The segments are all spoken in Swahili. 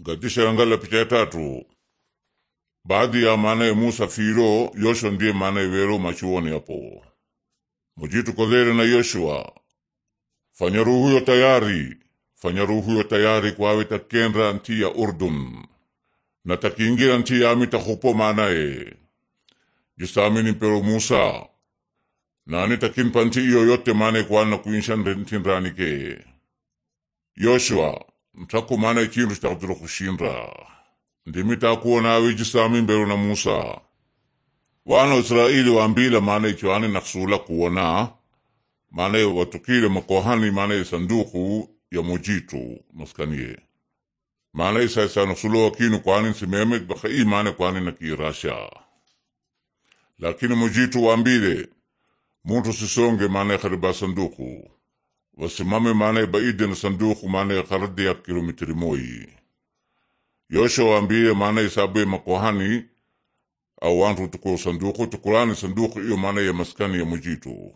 ngadisha yangala picha ya tatu baadhi ya maana ya Musa firo Yoshua ndiye maana iwero machuoni hapo mujitukolere na Yoshua fanya yo tayari fanya yo tayari kwawe takenra nti ya Urdun na takingira nti yami tahupo maanaye jisamini mpero Musa nani takinpa nti iyo yote maanaye kwana kuinsha ntinranike Yoshua ntakomana ikintu chakutila kushinda ndimi takuonawe jisami mbero na musa wana wa israeli wambila maana na kusula kuona maana watukile makohani maana sanduku ya mujitu maskanie maana isaisa nakusulo wakinu kwani simeme bakai maana kwani kirasha lakini mujitu wambile muntu sisonge maana yakariba sanduku wasimame maana baidi na sanduku maana karadi ya kilometri moja. Yosha waambie maana isabu makohani au wantu tukuru sanduku tukurani sanduku iyo maana ya maskani ya mujitu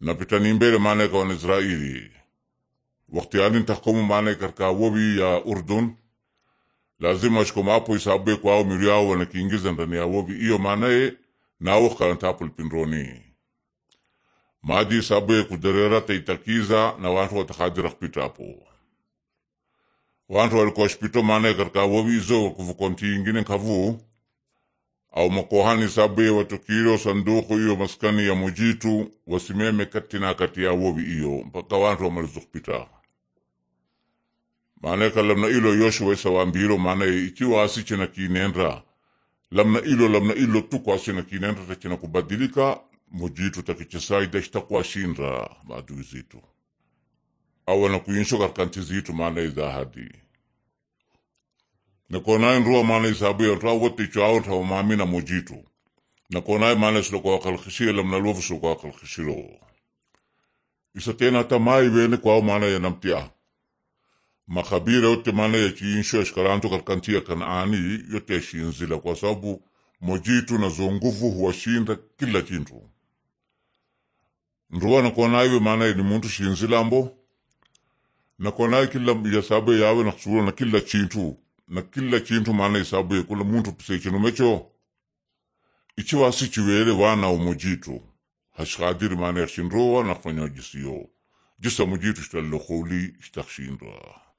napitani mbele maana kwa Israeli wakati alin tahkumu maana karka wobi ya Urdun lazima ashkoma hapo isabu kwa wanakiingiza ndani ya wobi iyo maana na wakati antapul sabu ya kudarera taitakiza na wantu watakadira kupita hapo. wantu walikuwa shipito maana katika wawizo kufuko nti ingine kavu au makohani isabu watukiro sanduku iyo maskani ya mujitu wasimeme kati na kati ya wawi iyo mpaka wantu marizu kupita maana kalamna ilo yoshua isawambiro maana ikiwa asi na kinendra lamna ilo lamna ilo tuku asi na kinendra tachina kubadilika mujitu takichesai takichesaida shitakuwashinda maadui zitu awana kuinsho katika nchi zitu maana izahadi nakonaye nrua maana isabu yantua wote icho ao tawamami na mujitu nakonaye maana lamna silokowakalkhishie lamnalufu silokowakalkhishilo isatena hata mai wene kwao maana yanamtia makabira yote maana yachiinsho yashikaranto katika nchi ya Kanaani yote yashinzila kwa sababu mojitu na zonguvu huwashinda kila chintu nduwa nakonayiwe maana ni muntu shinzi lambo nakonayi kila yasabu yawe nakusubula na kila chintu na kila chintu maana isabu kula muntu piseichinumecho ichi wasi chiwele wana umujitu hashikadiri maana yashindrowa nafanyo jisiyo jisa mujitu shitallokuli shitakhshindwa